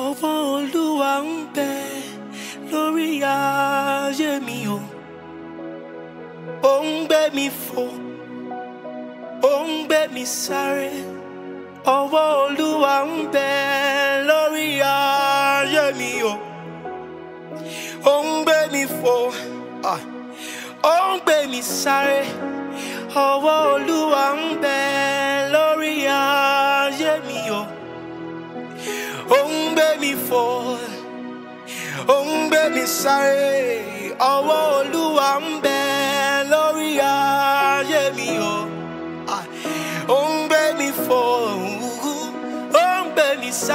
ọwọ́ olúwa ń bẹ lórí ayé mi o ó ń gbé mi fò ó ń gbé mi sáré ọwọ́ olúwa ń bẹ lórí ayé mi o ó ń gbé mi fò ó ń gbé mi sáré ọwọ́ olúwa ń bẹ. fall. Ó oh, baby, mi sáré, ọwọ́ Olúwa ń bẹ lórí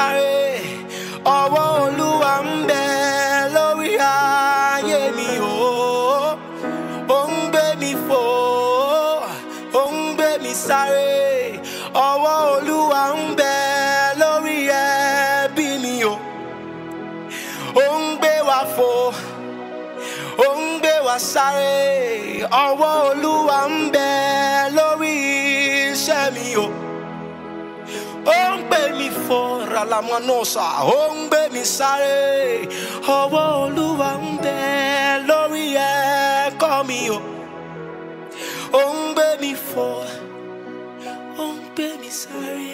ayé sáré ọwọ́ olúwa ń bẹ lórí iṣẹ́ mi o ó ń gbé mi fò ràlàmọ́nọ́sà ó ń gbé mi sáré ọwọ́ olúwa ń bẹ lórí ẹ̀kọ́ mi o ó ń gbé mi fò ó ń gbé mi sáré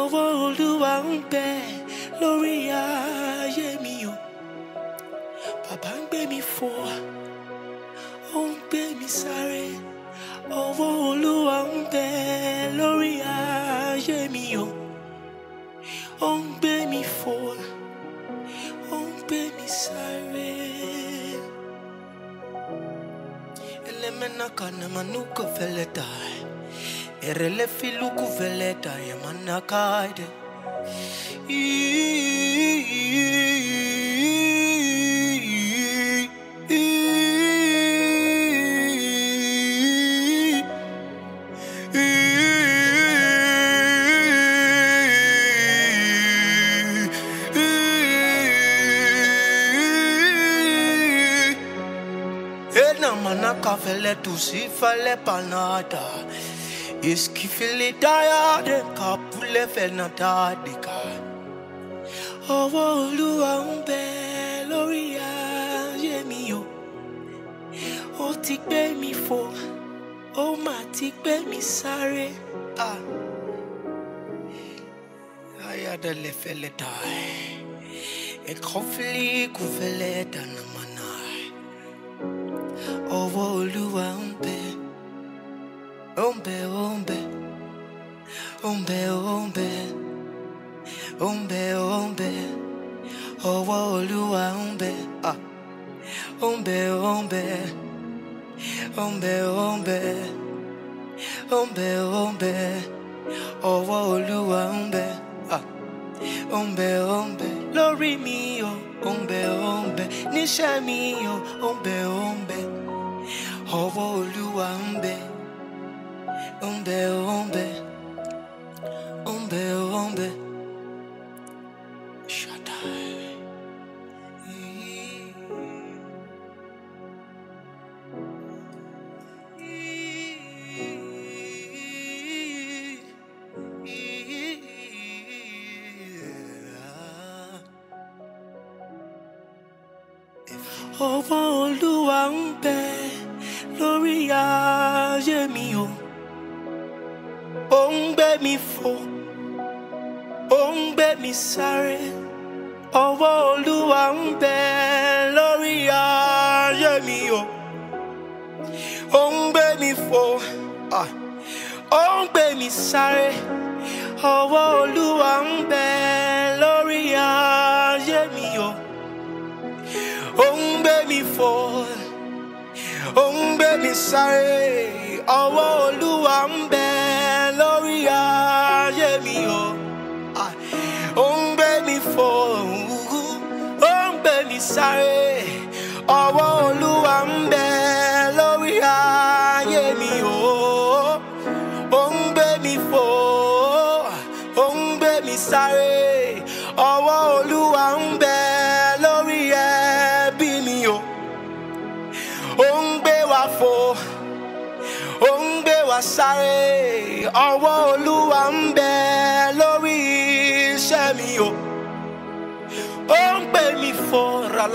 ọwọ́ olúwa ń bẹ lórí ayé mi o bàbá ń gbé mi fò. ó ń gbé mi sáré ọwọ́ olúwa ń bẹ lórí ayé mi o ó ń gbé mi fò ó ń gbé mi sáré. Elemena kana manuka veleta erele filuku veleta yamana kaide. Iiii. fallait tous, il fallait pas nada. Esquiver les tailles, car pour les Ọwọ́ Olúwa umbe bẹ lórí ayé mi o. Ó ti gbé mi fò, ó mà ti gbé mi sáré. Ayadẹ̀lẹ̀ fẹ́lẹ̀ dà, ẹ̀kọ́ fílí kù fẹ́lẹ̀ dànù. Umbe, umbe.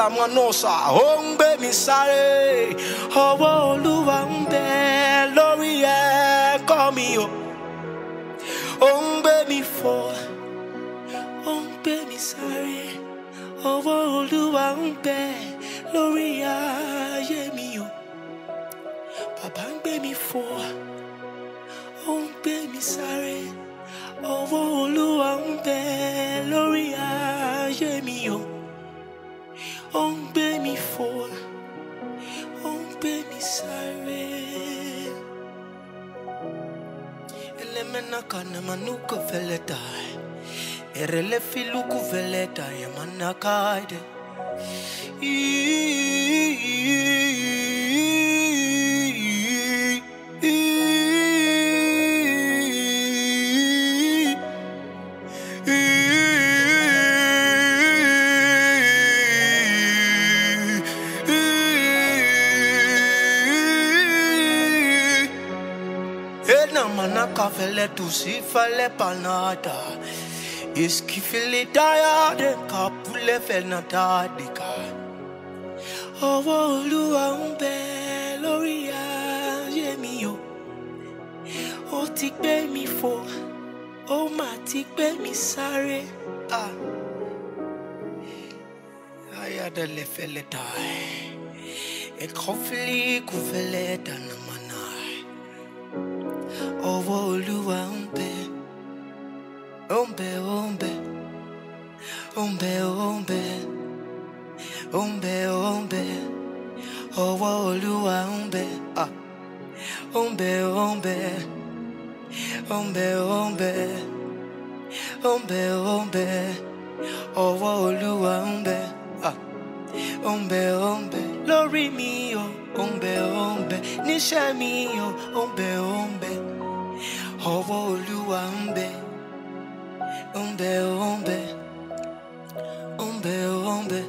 àwọn náà sà ó ń gbé mi sáré ọwọ́ olúwa ń bẹ lórí ẹ̀kọ́ mi o ó ń gbé mi fò ó ń gbé mi sáré ọwọ́ olúwa ń bẹ lórí ayé mi o bàbá ń gbé mi fò ó ń gbé mi sáré ọwọ́ olúwa ń bẹ. manakana manuka veletai erele filuku veletai emanakaide Qu'à faire les tous, il fallait pas nada. Et ce qui fait les tailles, qu'à pour les faire nada, des cas. Oh, o. ti gbé mi fò, ó mà ti gbé mi sáré. Ah. Ayada le fele tai. E kofili ọwọ́ olúwa ń bẹ ó ń bẹ ó ń bẹ ó ń bẹ ó ń bẹ ó ń bẹ ó ń bẹ ọwọ́ olúwa ń bẹ ó ń bẹ ó ń bẹ ó ń bẹ ó ń bẹ ó ń bẹ ó ń bẹ ọwọ́ olúwa ń bẹ ó ń bẹ ó ń bẹ lórí mi o ó ń bẹ ó ń bẹ níṣẹ́ mi o ó ń bẹ ó ń bẹ. ọwọ́ olúwa ń bẹ ń bẹ ń bẹ ń bẹ ń bẹ.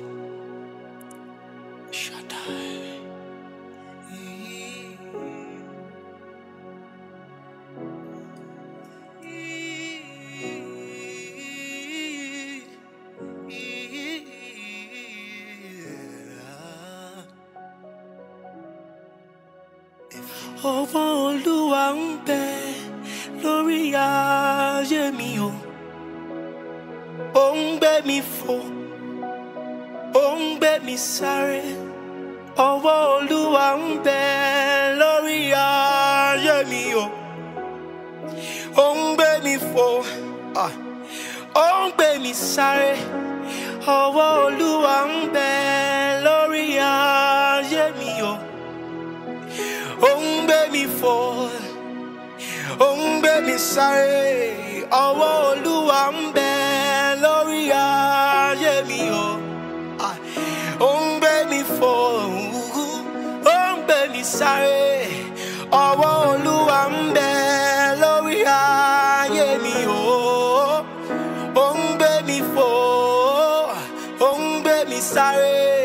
ní sáré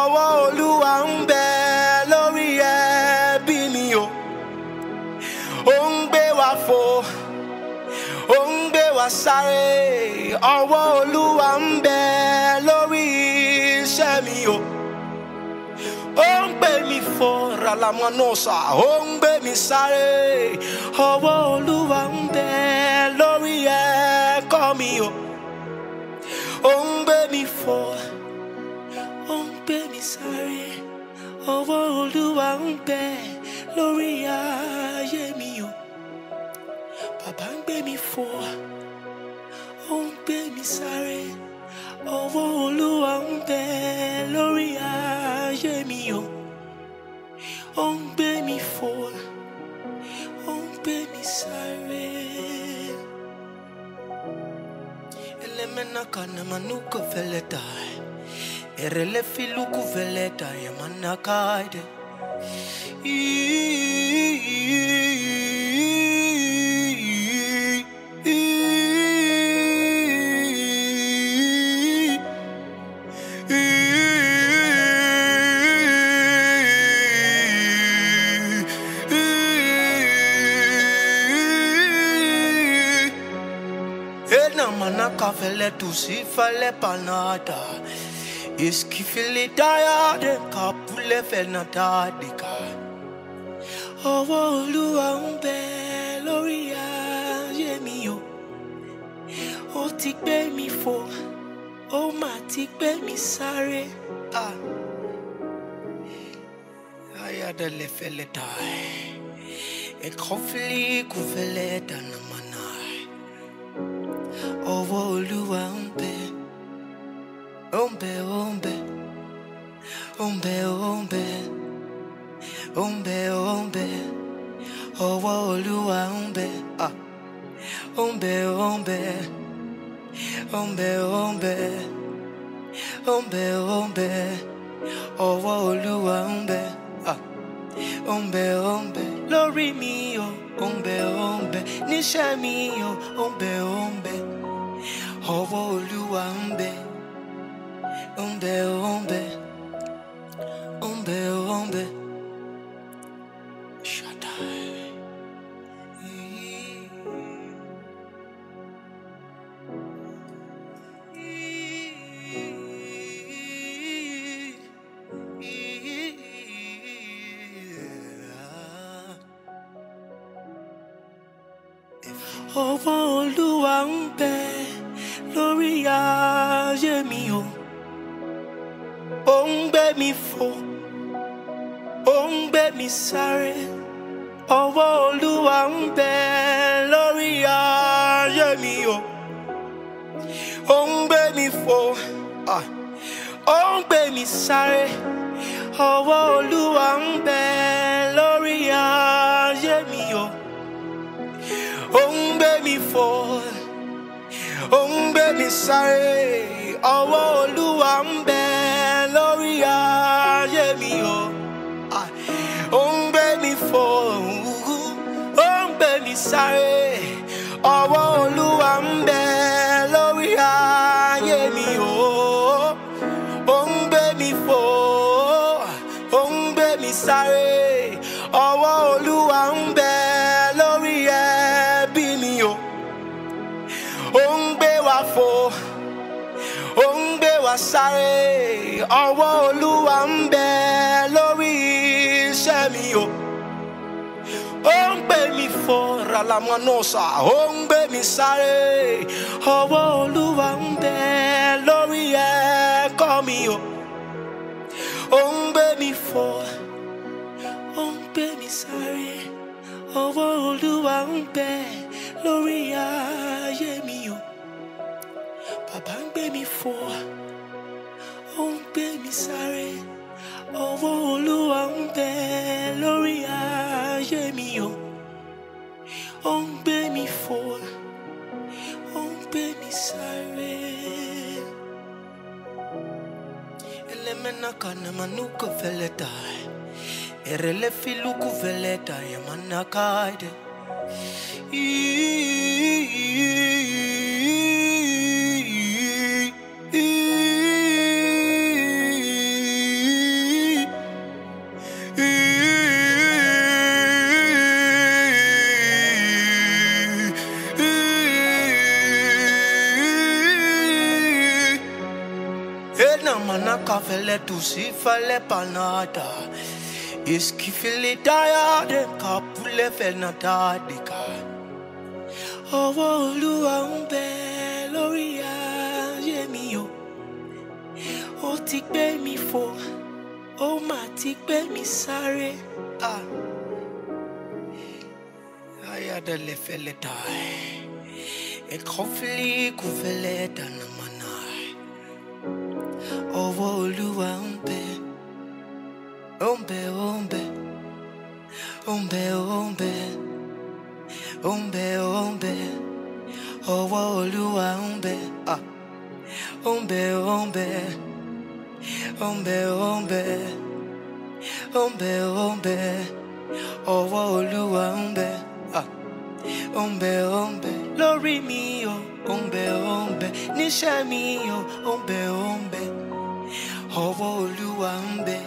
ọwọ́ olúwa ń bẹ lórí ẹbí mi o ó ń gbé wa fò ó ń gbé wa sáré ọwọ́ olúwa ń bẹ lórí iṣẹ́ mi o ó ń gbé mi fò ralamanosa ó ń gbé mi sáré ọwọ́ olúwa ń bẹ lórí ẹ̀kọ́ mi o ó ń gbé mi fò. sáré ọwọ́ olúwa ń bẹ lórí ayé mi me bàbá ń gbé mi fò ó ń gbé mi sáré ọwọ́ olúwa ń bẹ lórí ayé mi o ó ń gbé mi fò ó ń gbé mi sáré. Elemena kana manuka fele die erele fila ukuveleda yamanakaide Ena manaka vele tu si fale panada. fili daya de ka pule fe na da de ka. Ọwọ́ Olúwa ń bẹ lórí mi o. Ó ti gbé mi fo, O ma ti gbé mi sáré. Ayadele fele die. Ekofili kufele danamana. Ọwọ́ Olúwa ń Ombe, ombe, ombe, ombe, ombe, ombe, ọwọ́ Olúwa ombe, ombe, ombe, ombe, ombe, ombe, ombe, ọwọ́ Olúwa ombe, ombe, ombe, lórí mi o, ombe, ombe, níṣẹ́ mi o, ombe, ombe, ọwọ́ Olúwa ombe. Umbe, umbe, umbe, umbe. òun gbé mi for, òun gbé mi sáré ọwọ́ olúwa ń bẹ lórí ayé o òun ah, mi fò mi olúwa sáré ọwọ́ olúwa ń bẹ lórí iṣẹ́ mi o ó ń gbé mi fò ràlàmọ́nọ́sà ó ń gbé mi sáré ọwọ́ olúwa ń bẹ lórí ẹ̀kọ́ mi o ó ń gbé mi fò ó ń gbé mi sáré ọwọ́ olúwa ń bẹ lórí ayé mi o bàbá ń gbé mi fò. ó ń gbé mi sáré ọwọ́ olúwa ń bẹ lórí ayé mi o ó ń gbé mi fò ó ń gbé mi sáré. Elemenaka na manuka veleta erele filuku veleta yamanakaide. Iiii. qu'à faire les tous, il fallait pas nada. Et ce Ọwọ́ Olúwa lórí mi o, ó mi fò, ó mà mi sáré. Ayada lè fẹ́lẹ̀ dà, ẹ̀kọ́ fílí kò fẹ́lẹ̀ Olúwa ombé ombé ombé ombé ombé bẹ ó ń bẹ bẹ ọwọ́ ombé bẹ ombé ah, ombé ombé ombé ombé ń ń bẹ ọwọ́ ombé ń bẹ ombé ń bẹ ó ń bẹ lórí mi o ó ń ombé ó ń mi o ó ń bẹ ó ọwọ́ olúwa ń bẹ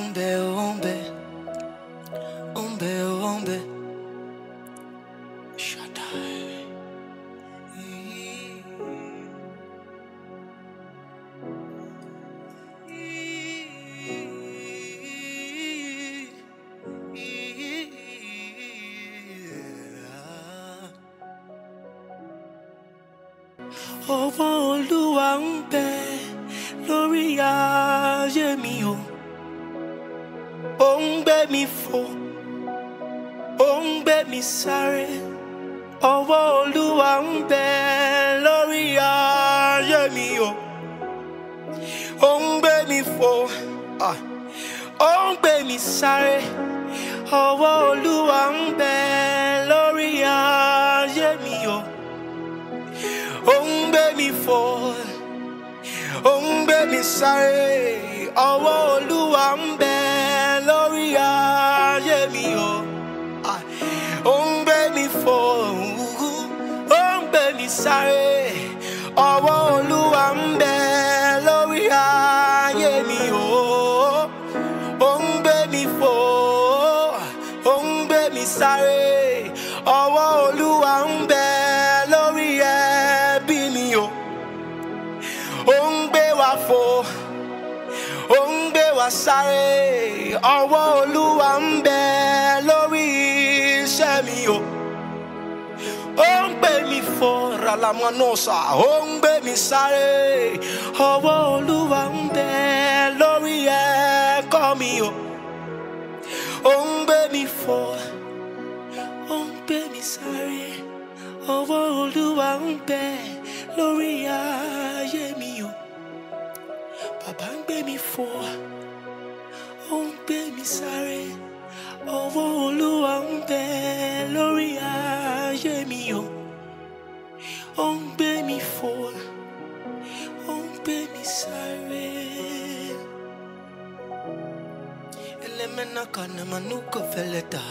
ń bẹ ń bẹ ń bẹ ń bẹ. ayé mi o ó ń gbé mi fò ó ń gbé mi sáré ọwọ́ olúwa ń bẹ lórí ayé mi o ó ń gbé mi fò ó ń gbé mi sáré ọwọ́ olúwa ń bẹ lórí ayé mi o ó ń gbé mi fò ó ń gbé mi sáré ọwọ́ olúwa ń bẹ lórí ayé mi o ó ń gbé mi fò ó ń gbé mi sáré ọwọ́ olúwa. ọwọ́ olúwa ń bẹ lórí iṣẹ́ mi o ó ń gbé mi fò ràlàmọ́nọ́sà ó ń gbé mi sáré ọwọ́ olúwa ń bẹ lórí ẹ̀kọ́ mi o ó ń gbé mi fò ó ń gbé mi sáré ọwọ́ olúwa ń bẹ lórí ayé mi o bàbá ń gbé mi fò. ó ń gbé mi sáré ọwọ́ olúwa ń bẹ lórí ayé mi o ó ń gbé mi fò ó ń gbé mi sáré. Elemena kana manuka veleta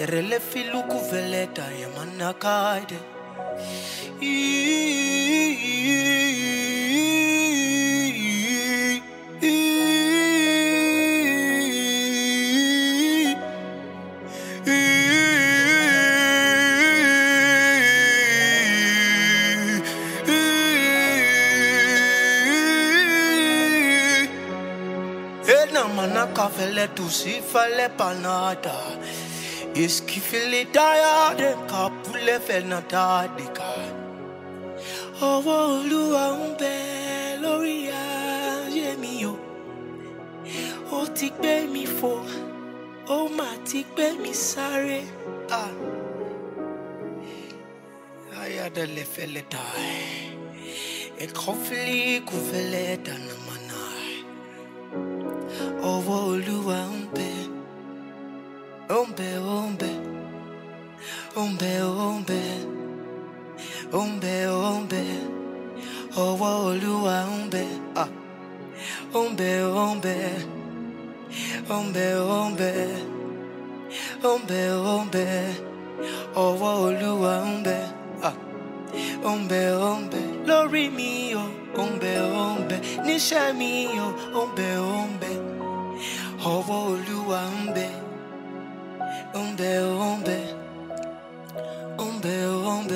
erele filuku veleta yamanakaide. Yeah. fallait tous, il fallait pas nada. Et ce qui fait les tailles, pour les faire nada, des cas. Oh, oh, un bel oria j'ai mis yo. Oh, mi fo. Oh, ma mi sare. Ah. Aïe, de les faire les tailles. Et les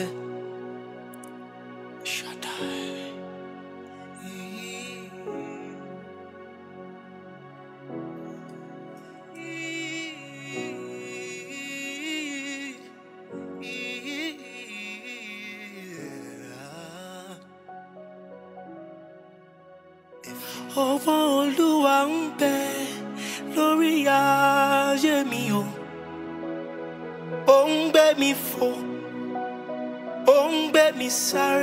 tomber. sorry.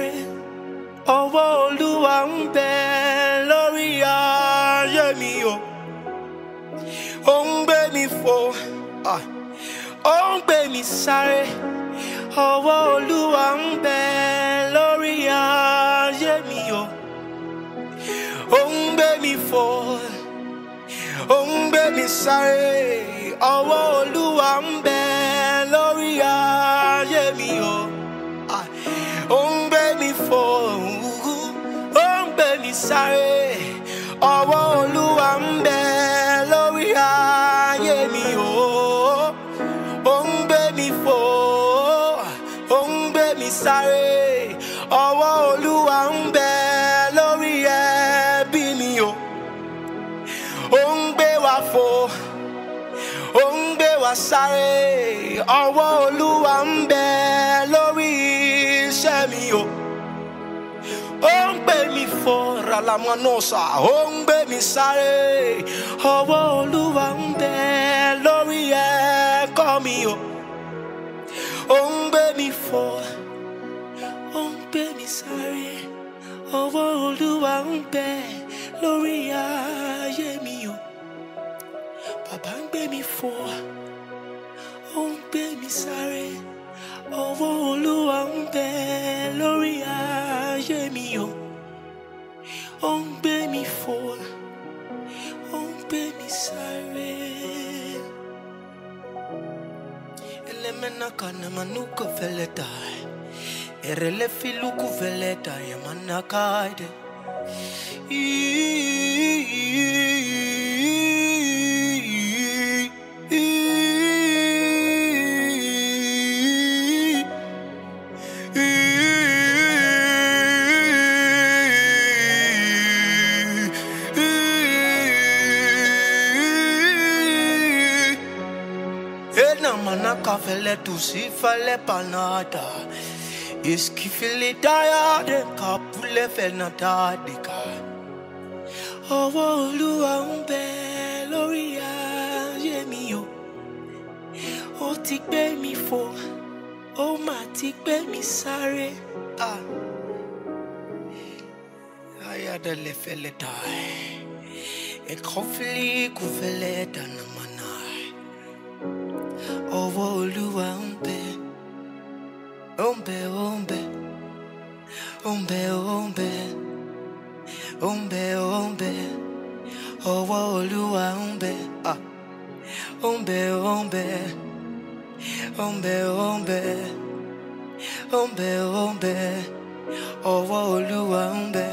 sorry àwọn náà sà ó ń gbé mi sáré ọwọ́ olúwa ń bẹ lórí ẹ̀kọ́ mi o ó ń gbé mi fò ó ń gbé mi sáré ọwọ́ olúwa ń bẹ. manaka na manuka veletai Erele filuku veleta ye manakaide Iiii ça fallait tout s'il fallait pas nada. Eskifile daya de ka pule fẹ na dáadé ká. Ọwọ́ Olúwa ń bẹ lórí ayé mi o. Ó ti gbé mi fò, ó mà ti gbé mi sáré. Ayadẹ̀lẹ̀ fẹ́lẹ̀ dá ẹ̀. Ẹ̀kọ́ fílí kò fẹ́lẹ̀ dáná. ọwọ́ olúwa oh ó ń bẹ ó ń oh ó ń bẹ ó ń bẹ ó ń bẹ ó ń bẹ ọwọ́ olúwa ń bẹ ó ń bẹ ó ń bẹ ó ń bẹ ó ń bẹ ó ń bẹ ó ń bẹ ọwọ́ olúwa ń bẹ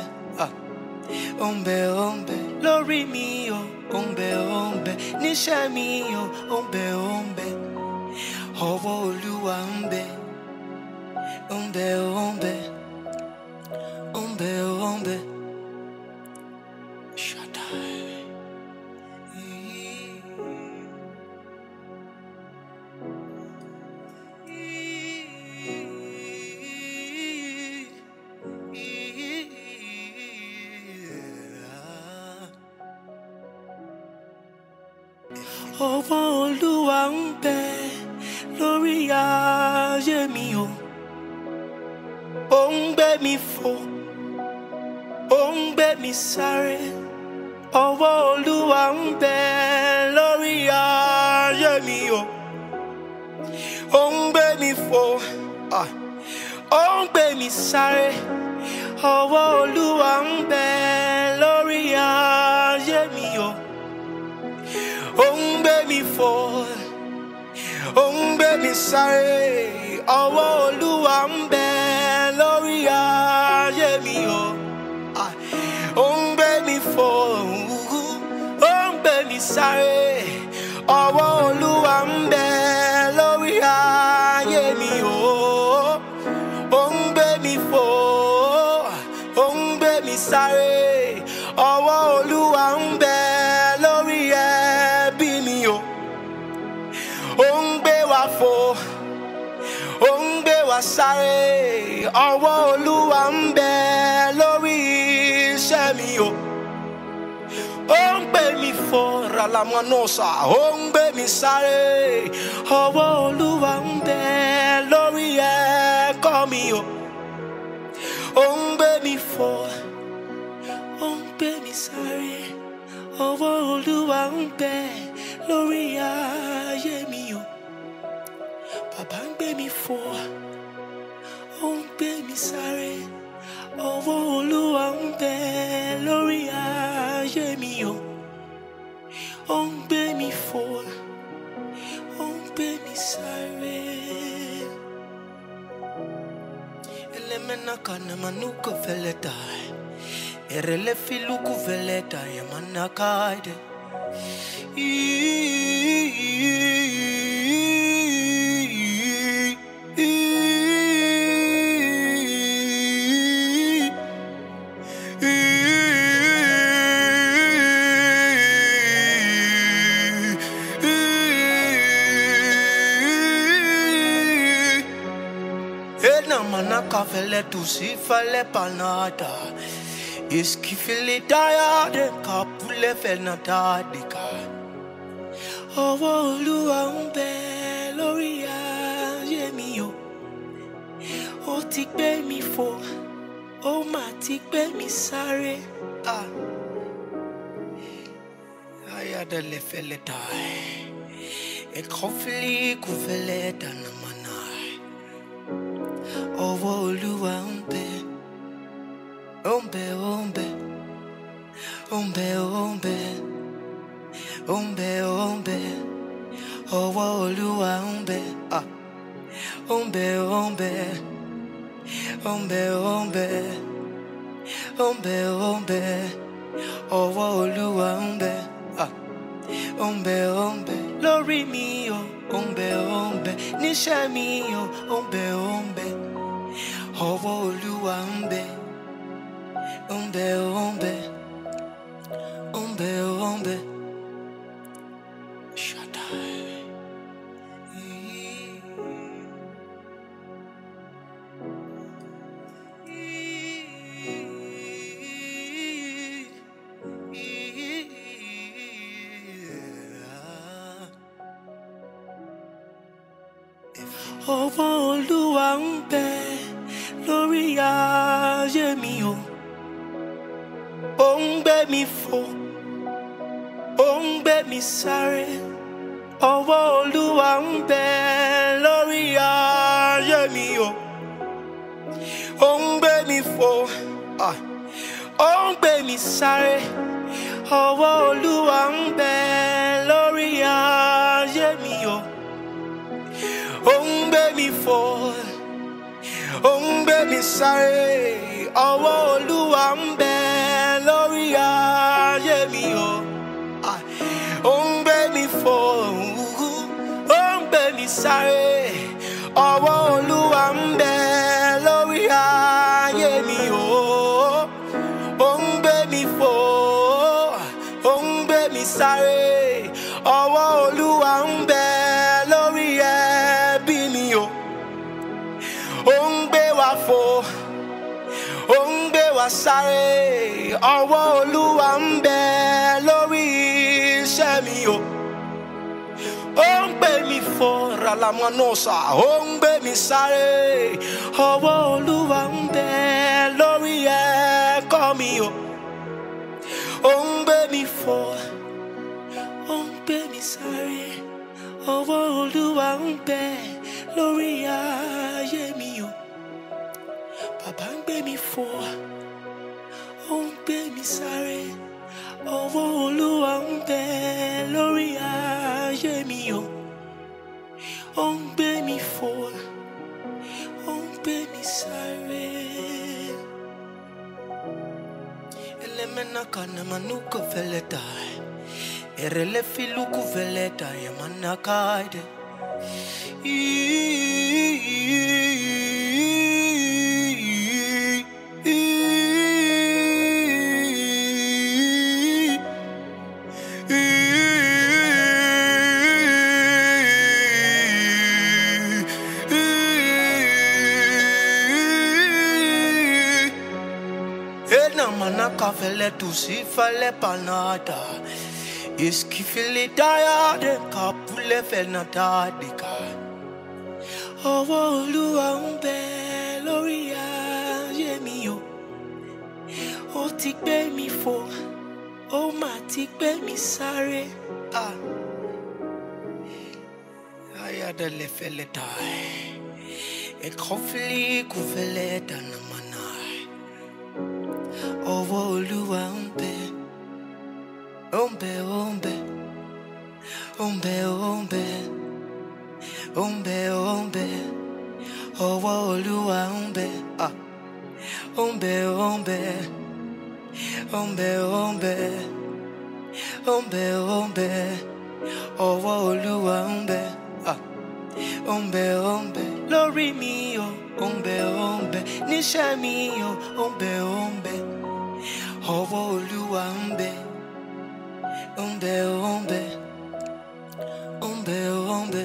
ó ń bẹ ó ń bẹ lórí mi o ó ń bẹ ó ń bẹ níṣẹ́ mi o ó ń bẹ ó ń bẹ. ọwọ́ olúwa ń bẹ ń bẹ ń bẹ ń bẹ ń bẹ. olúwa ń bẹ lórí ẹbí mi o ó ń gbé wa fò ó ń gbé wa sáré ọwọ́ olúwa ń bẹ lórí iṣẹ́ mi o ó ń gbé mi fò ràlàmọ́nọ́sà ó ń gbé mi sáré ọwọ́ olúwa ń bẹ lórí ẹ̀kọ́ mi o ó ń gbé mi fò. sáré ọwọ́ olúwa ń bẹ lórí ayé mi o bàbá oh, gbé mi fò ó ń gbé mi sáré ọwọ́ olúwa ń bẹ lórí oh, mi o ó ń gbé oh, fò ó ń gbé mi sáré. Elemena kana manuka fele die erelefile ukuveleda yemanakaide Manaka vele tu si fale panada. Eski fili dáyàdé ká púlẹ̀ fẹ̀nà dáadé ká. Ọwọ́ Olúwa ń lórí ayé mi o. Ó ti gbé mi fò, ó mà ti gbé mi sáré. Ayàdé lè fẹ́lẹ̀ dá ẹ̀. Ẹ̀kọ́ fili kò dáná mọ́nà. Ọwọ́ Olúwa ń ombe ombe ombe ombe ombe ombe Olúwa ombe ombe ombe ombe ombe ombe ombe ọwọ́ Olúwa ombe ombe ombe lórí mi o ombe ombe níṣẹ́ mi o ombe ombe ọwọ́ Olúwa ombe. Umbe, umbe, umbe, umbe. ó ń gbé mi sáré ọwọ́ olúwa ń bẹ lórí ayé mi o ó ń gbé mi fò ó ń gbé mi sáré ọwọ́ olúwa ń bẹ. sáré ọwọ́ olúwa ń bẹ lórí iṣẹ́ mi o ó ń gbé mi fò ralamanosa ó ń gbé mi sáré ọwọ́ olúwa ń bẹ lórí ẹ̀kọ́ mi o ó ń gbé mi fò ó ń gbé mi sáré ọwọ́ olúwa ń bẹ lórí ayé mi o bàbá ń gbé mi fò. gbé mi sáré ọwọ́ olúwa ń bẹ lórí ayé mi o ó ń gbé mi fò ó ń gbé mi sáré. Elemenaka na manuka veleta erele filuku veleta yamanakaide. Iiii. Yana kafele tu si fale panada Iski fili daya de kapule fena tadika Ọwọ́ Olúwa ń bẹ lórí ayé mi o Ó ti gbé mi fò, ó mà ti gbé mi sáré Ayada lefele tai E kofili kufele danama ọwọ́ olúwa ń bẹ ó ń bẹ ó ń bẹ ó ń bẹ ó ń bẹ ó ń bẹ ó ń bẹ ọwọ́ olúwa ń bẹ ó ń bẹ ó ń bẹ ó ń bẹ ó ń bẹ ó ń bẹ ó ń bẹ ọwọ́ olúwa bẹ lórí mi o ó ń bẹ ó ń mi o ó ń bẹ ó ọwọ́ olúwa ń bẹ ń bẹ ń bẹ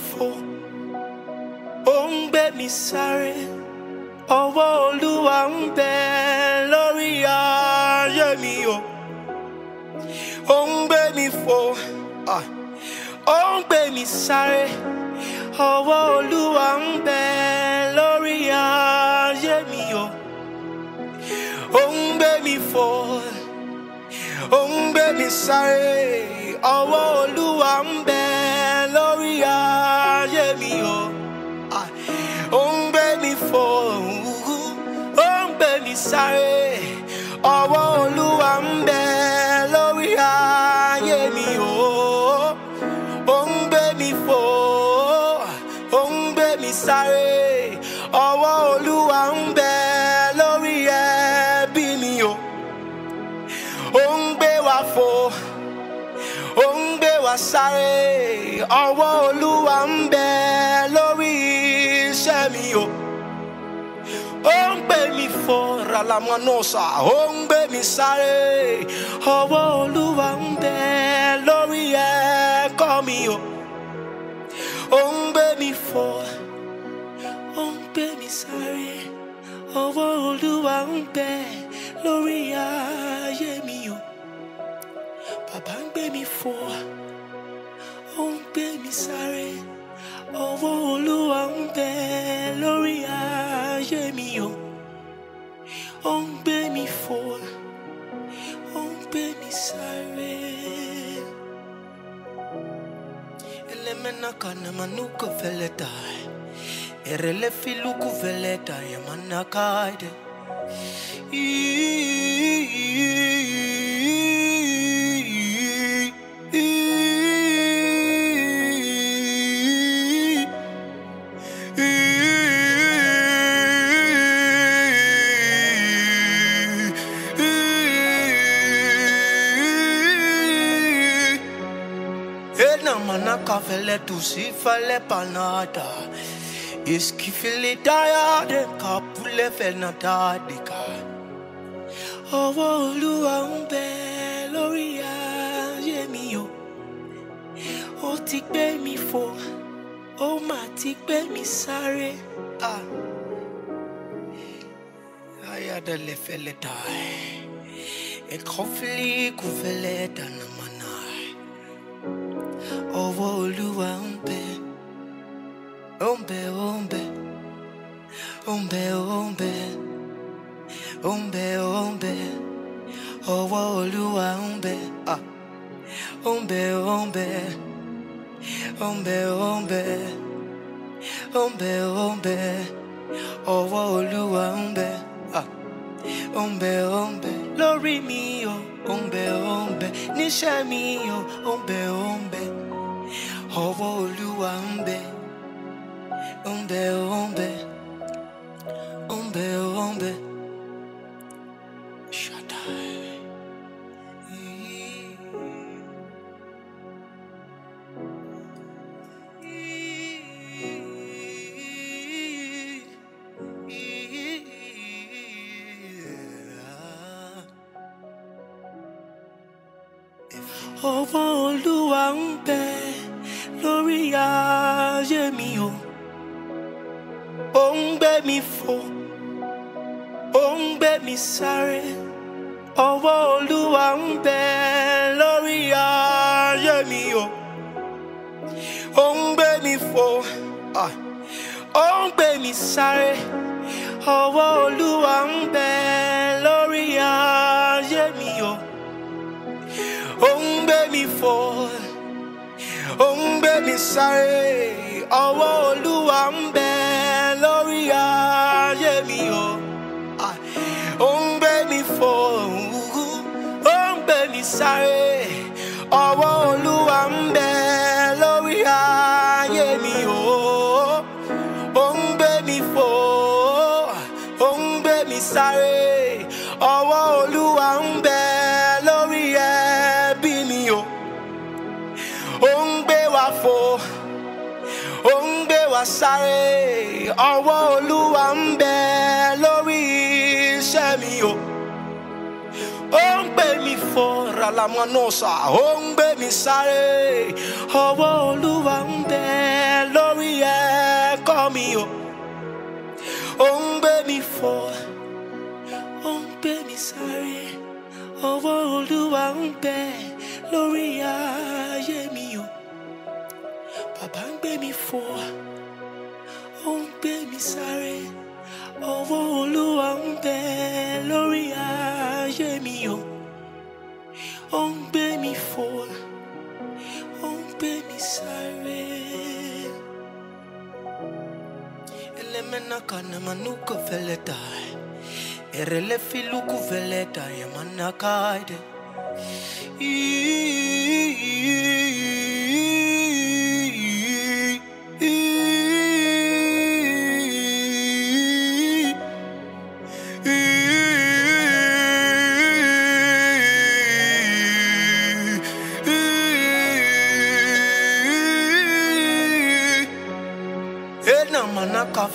òfò ó ń gbé mi sáré ọwọ́ olúwa ń bẹ lórí ayé oh, oh, ó ń gbé mi fò ó ń gbé mi sáré ọwọ́ olúwa ń bẹ lórí ayé mi o ó ń gbé mi fò ó ń gbé mi sáré fòun ó ń gbé ní sáré ọwọ́ olúwa ń bẹ lórí ayé mi o ó ń gbé mi fò ó ń gbé mi sáré ọwọ́ olúwa ń bẹ lórí ẹbí mi o ó ń gbé wa fò ó ń gbé wa sáré ọwọ́ olúwa ń bẹ. ó ń gbé mi fò ràlàmọ́nọ́sà ó ń gbé mi sáré ọwọ́ olúwa ń bẹ lórí ẹ̀kọ́ mi o ó ń gbé mi fò ó ń gbé mi sáré ọwọ́ olúwa ń bẹ lórí ayé mi o bàbá ń gbé mi fò ó ń gbé mi sáré ọwọ́ olúwa ń bẹ lórí ayé mi o ó ń gbé mi fò ó ń gbé mi sáré. Elemenaka na manuka veleta erele filuku veleta emanakaide. Iiii. fallait toucher, fallait pas nada. Esquiver les tailles, car pour les faire nada des cas. Ọwọ́ Olúwa ń bẹ lórí o, ti gbé mi fò, ó mà ti gbé mi sáré. Ayada lè fẹ́lẹ̀ dà, ẹ̀kọ́ fílí kò fẹ́lẹ̀ dànù. ọwọ́ olúwa ń bẹ lórí ayé mi o ó ń gbé mi fò ó ń gbé mi sáré ọwọ́ olúwa ń bẹ lórí ayé mi o ó ń gbé mi fò ah, ó ń gbé mi sáré. sáré ọwọ́ olúwa ń bẹ lórí ayé mi o ah, ó ń gbé mi fò ó ń gbé mi sáré. sáré ọwọ́ olúwa ń bẹ lórí iṣẹ́ mi o ó ń gbé mi fò ralamọ náà sá ó ń gbé mi sáré ọwọ́ olúwa ń bẹ lórí ẹ̀kọ́ mi o ó ń gbé mi fò ó ń gbé mi sáré ọwọ́ olúwa ń bẹ lórí ayé mi o bàbá ń gbé mi fò. gbé mi sáré ọwọ́ olúwa ń bẹ lórí ayé mi o ó ń gbé mi fò ó ń gbé mi sáré. Elemena kana manuka vele dai, erele filuku vele dai manakaide. Iiii.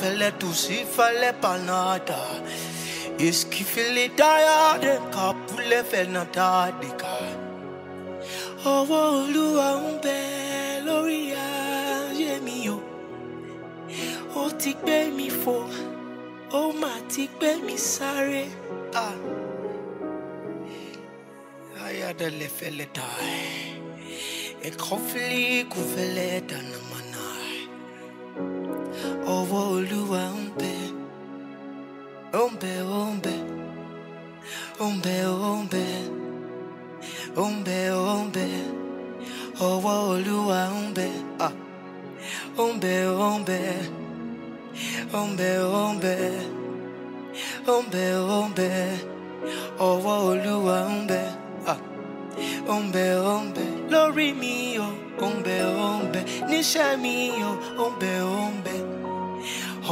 fallait tous, il fallait pas nada. Et ce qui fait les tailles, car pour les faire nada, des cas. Ọwọ́ Olúwa ń bẹ lórí ayé mi o. Ó ti gbé mi fò, ó mà ti gbé mi sáré. Ayadalẹ fẹlẹ ta ẹ, ẹ̀kọ́ fili kò fẹlẹ dànù mọ́ ọwọ́ olúwa ń bẹ ó ń bẹ ó ń bẹ ó ń bẹ ó ń bẹ ó ń bẹ ó ń bẹ ọwọ́ olúwa ń bẹ ó ń bẹ ó ń bẹ ó ń bẹ ó ń bẹ ó ń bẹ ó ń bẹ ọwọ́ olúwa ń bẹ ó ń bẹ ó ń bẹ lórí mi o ó ń bẹ ó ń bẹ níṣẹ́ mi o ó ń bẹ ó ń bẹ.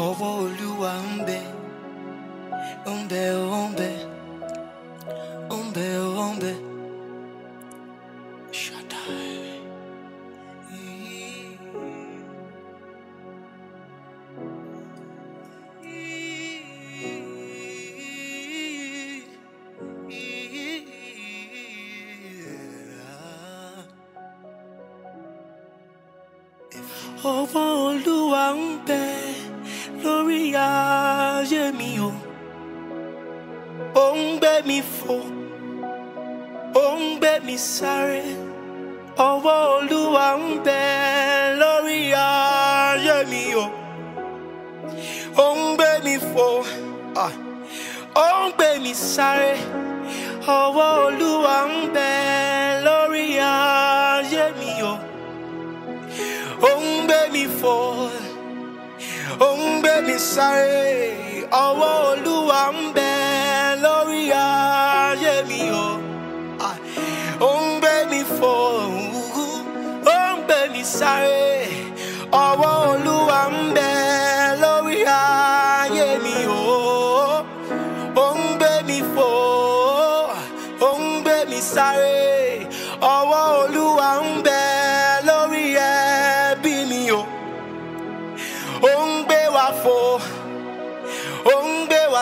ọwọ́ olúwa ń bẹ ń bẹ ń bẹ ń bẹ ń bẹ.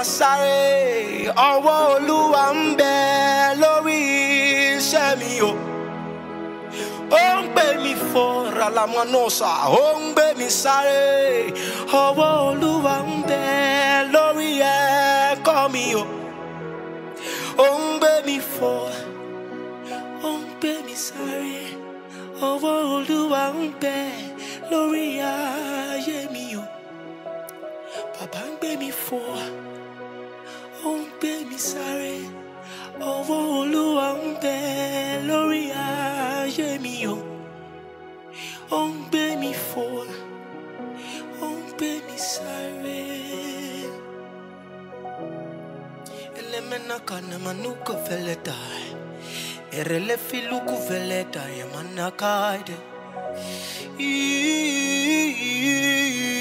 sáré ọwọ́ olúwa ń bẹ lórí iṣẹ́ mi o. ó ń gbé mi fò ràlàmọ́nọ́sà ó ń gbé mi sáré ọwọ́ olúwa ń bẹ lórí ẹ̀kọ́ mi o. ó ń gbé mi fò ó ń gbé mi sáré ọwọ́ olúwa ń bẹ lórí ayé mi o. bàbá ń gbé mi fò. gbèmí sáré ọwọ́ olúwa ń bẹ lórí ayé mi o ó ń gbèmí fò ó ń gbèmí sáré. Elemenaka kana manuka vele dai, le filuku vele dai manakaide. Iiii.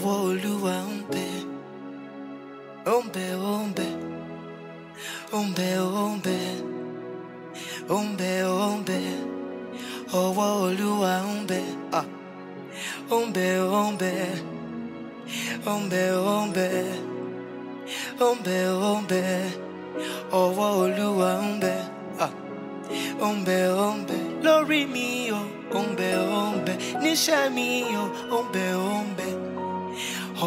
ọwọ́ olúwa ombé, ombé ombé, ombé ombé, ombé ombé, bẹ ó ombé, ombé ombé, ombé ombé, ombé ombé, ń bẹ ombé, ombé ombé. ń bẹ ó ombé ombé, ń bẹ ombé ombé. ó ń bẹ ọwọ́ olúwa ń bẹ ó ń bẹ ó ń bẹ lórí mi o ó ń bẹ ó ń bẹ níṣẹ́ mi o ó ń bẹ ó ń bẹ.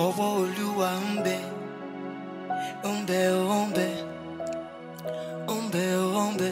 ọwọ́ olúwa ń bẹ ń bẹ ń bẹ ń bẹ ń bẹ.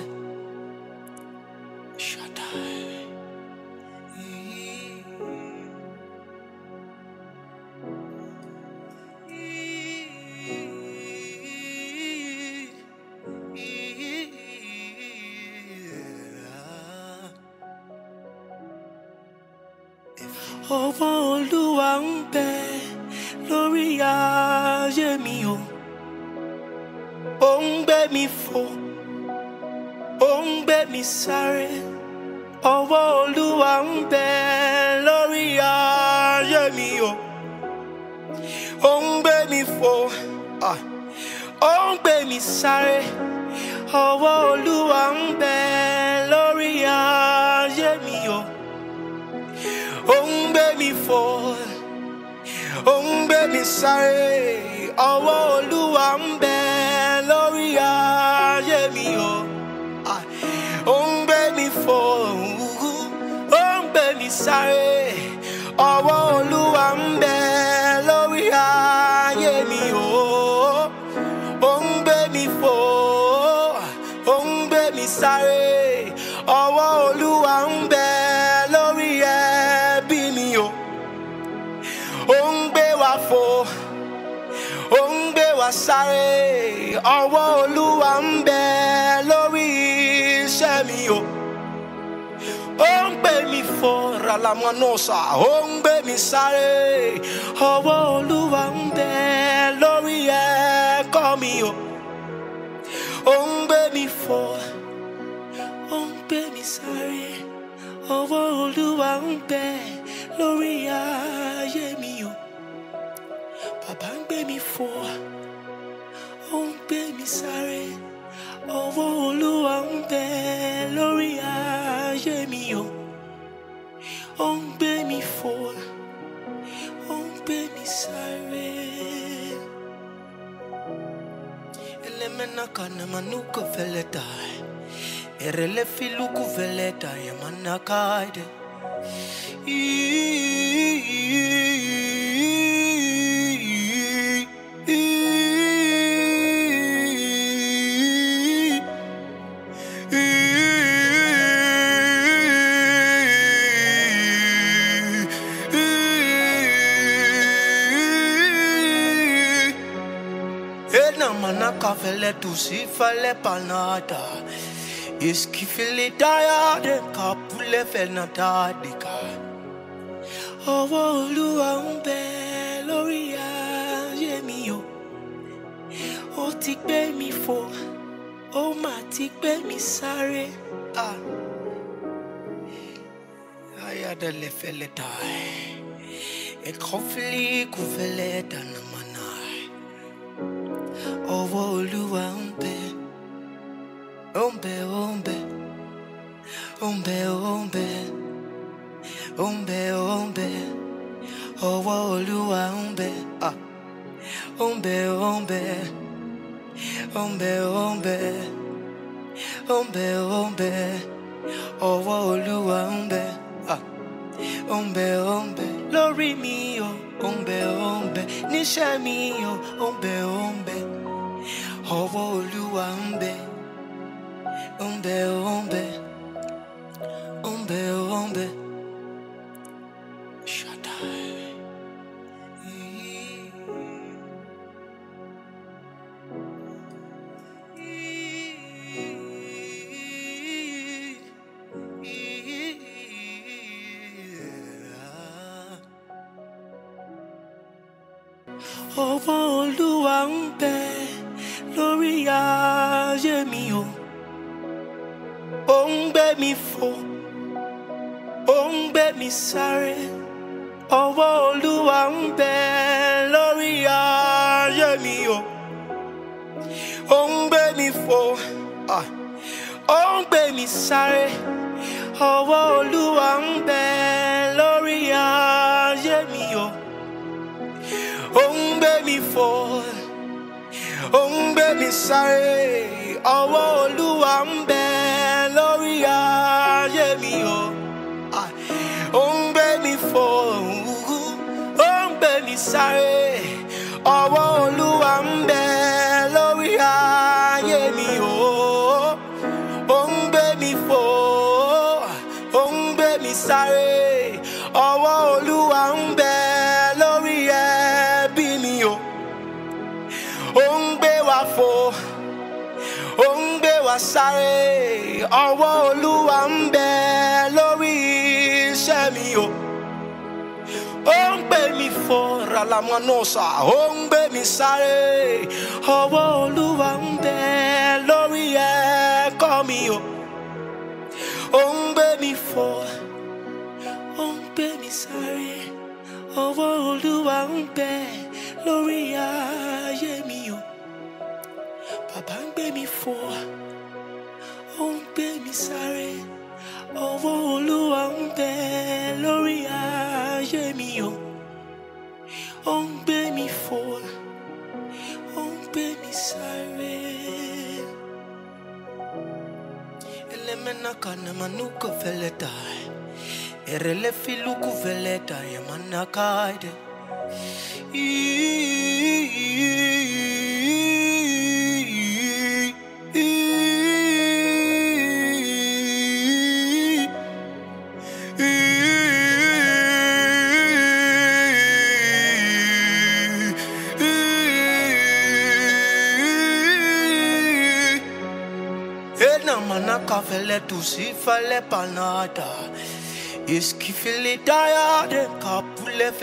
sáré ọwọ́ olúwa ń bẹ. agbára la máa ná ọ̀sà ó ń gbé mi sáré ọwọ́ olúwa ń bẹ lórí ẹ̀kọ́ mi o ó ń gbé mi fò ó ń gbé mi sáré ọwọ́ olúwa ń bẹ lórí ayé won't bid me fall, won't bid me sorry. Ele mena kana manuka veleta, erele filuku veleta yamana kaide. Eee. mana ka fele tu si fele panada Eski fele daya den ka pule na Ọwọ́ Olúwa ń bẹ lórí ayé mi o Ó mi fò, ó mà ti mi sáré le fele daya E kofili kufele danama ọwọ́ olúwa ń bẹ ó ń bẹ ó ń bẹ ó ń bẹ ó ń bẹ ó ń bẹ ó ń bẹ ọwọ́ olúwa ń bẹ ó ń bẹ ó ń bẹ ó ń bẹ ó ń bẹ ó ń bẹ ó ń bẹ ọwọ́ olúwa ń bẹ. Ah. Ombe ombe, lórí mi o ombe, òǹbẹ níṣẹ́ mi o òǹbẹ òǹbẹ ọwọ́ olúwa Ombe ombe, ombe ombe. òǹbẹ òǹbẹ. Shaddai. pé olúwa ń bẹ lórí ayé mi o ó ń gbé mi fò ó ń gbé mi sáré ọwọ́ olúwa ń bẹ lórí ayé mi o ó ń gbé mi fò ó ń gbé mi sáré ọwọ́ olúwa ń bẹ. sáré ọwọ́ olúwa ń bẹ lórí ayé mi o ó ń gbé mi fò ó ń gbé mi sáré ọwọ́ olúwa ń bẹ lórí ẹbí mi o ó ń gbé wa fò ó ń gbé wa sáré ọwọ́ olúwa ń bẹ. ó ń gbé mi fò ràlàmọ́nọ́sà ó ń gbé mi sáré ọwọ́ olúwa ń bẹ lórí ẹ̀kọ́ mi o ó ń gbé mi fò ó ń gbé mi sáré ọwọ́ olúwa ń bẹ lórí ayé mi o bàbá ń gbé mi fò ó ń gbé mi sáré ọwọ́ olúwa ń bẹ lórí ayé mi o ó ń gbé mi fò ó ń gbé mi sáré. Elemenaka na manuka veleta le filuku veleta ya manakaide. Iiii. fallait tout s'il fallait pas nada. Esquiver les tailles, car pour les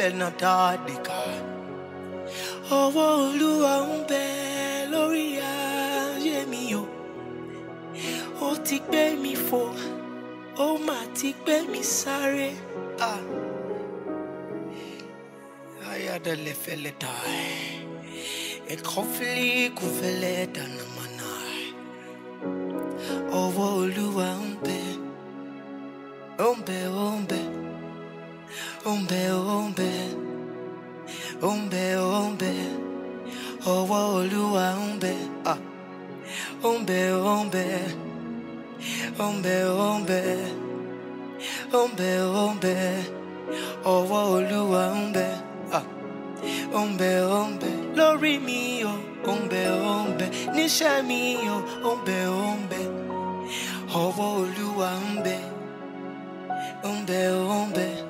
ọwọ́ olúwa umbe lórí o ó ti mi fò ó mà ti mi sáré. le fẹlẹ ta ẹ kọfílì kò fẹlẹ ó ń bẹ ó ń bẹ ọwọ́ olúwa ń bẹ ó ń bẹ ó ń bẹ ó ń bẹ ó ń bẹ ọwọ́ olúwa ń bẹ ó ń bẹ ó ń bẹ lórí mi o ó ń bẹ ó ń bẹ níṣẹ́ mi o ó ń bẹ ń bẹ ọwọ́ olúwa ń bẹ ó ń bẹ ó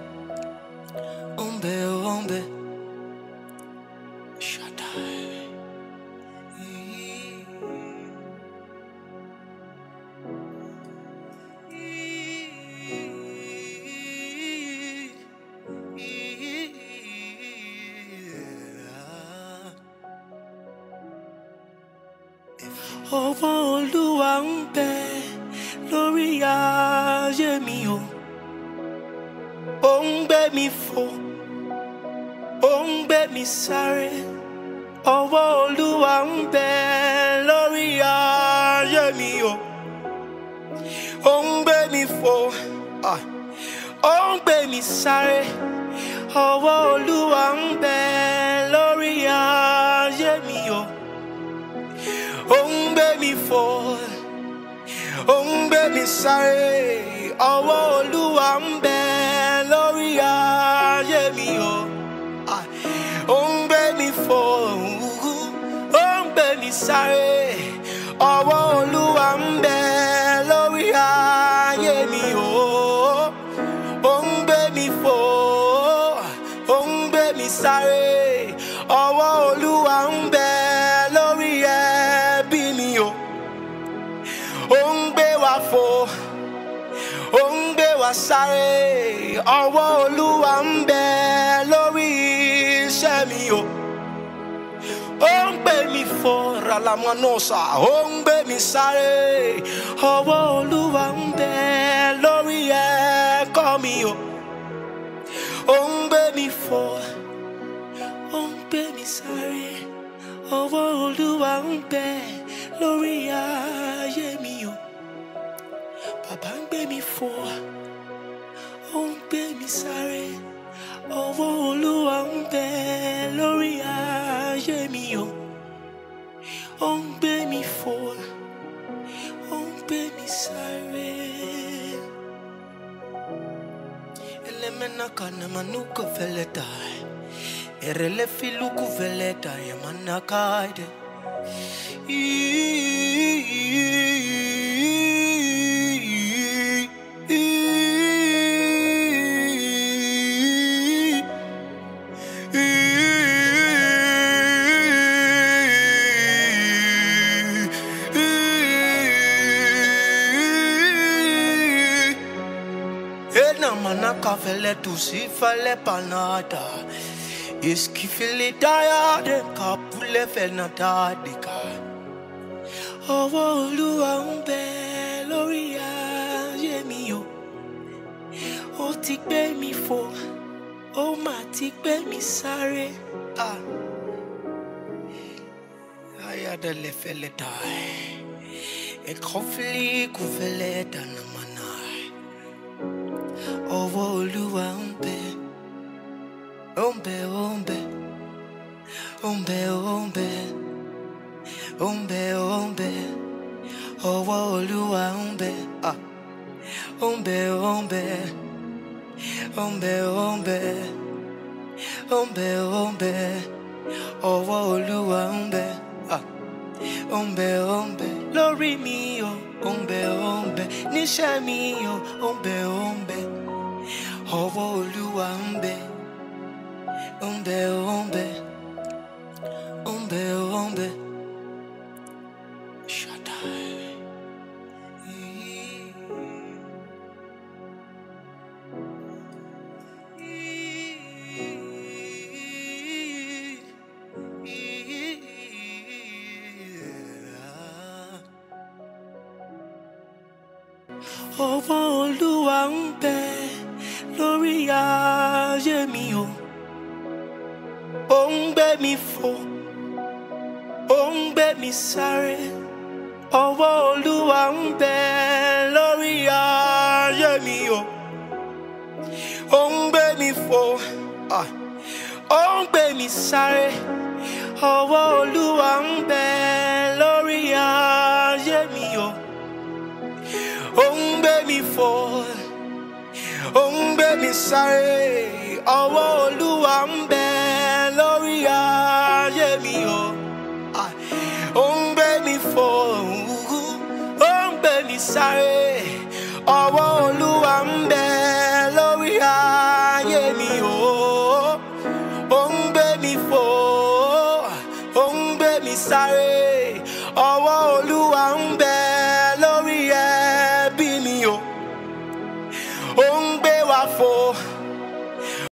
ọwọ́ olúwa ń bẹ lórí ayé mi o ó ń gbé mi fò ó ń gbé mi sáré ọwọ́ olúwa ń bẹ lórí ayé mi o ó ń gbé mi fò ah, ó ń gbé mi sáré ọwọ́ olúwa ń bẹ. fò ó ń gbé mi sáré ọwọ́ olúwa ń bẹ lórí ayé mi o ó ń gbé mi fò wa sáré ọwọ́ olúwa ń bẹ lórí iṣẹ́ mi o ó ń gbé mi fò ràlàmọ́ náà sà ó ń gbé mi sáré ọwọ́ olúwa ń bẹ lórí ẹ̀kọ́ mi o ó ń gbé mi fò ó ń gbé mi sáré ọwọ́ olúwa ń bẹ lórí ayé mi o bàbá ń gbé mi fò. ó ń gbé mi sáré ọwọ́ olúwa ń bẹ lórí ayé mi o ó ń gbé mi fò ó ń gbé mi sáré. Elemena kana manuka vele dai, erele filuku vele dai manakaide. fallait toucher, fallait pas nada. Et ce qui fait les tailles, car pour les faire nada, des cas. un bel j'ai mis tic, mi faux. Oh, ma tic, mi sare. Ah. Aïe, de les faire Et conflit, olúwa umbe umbe umbe umbe umbe bẹ ó ń bẹ bẹ ọwọ́ umbe umbe umbe umbe umbe ń bẹ ó ń ń bẹ ọwọ́ umbe umbe umbe ń bẹ ó ń bẹ lórí mi o oh. umbe umbe ó ń bẹ níṣẹ́ mi o ó ń bẹ ó ń bẹ. ọwọ́ Olúwa ń bẹ ń bẹ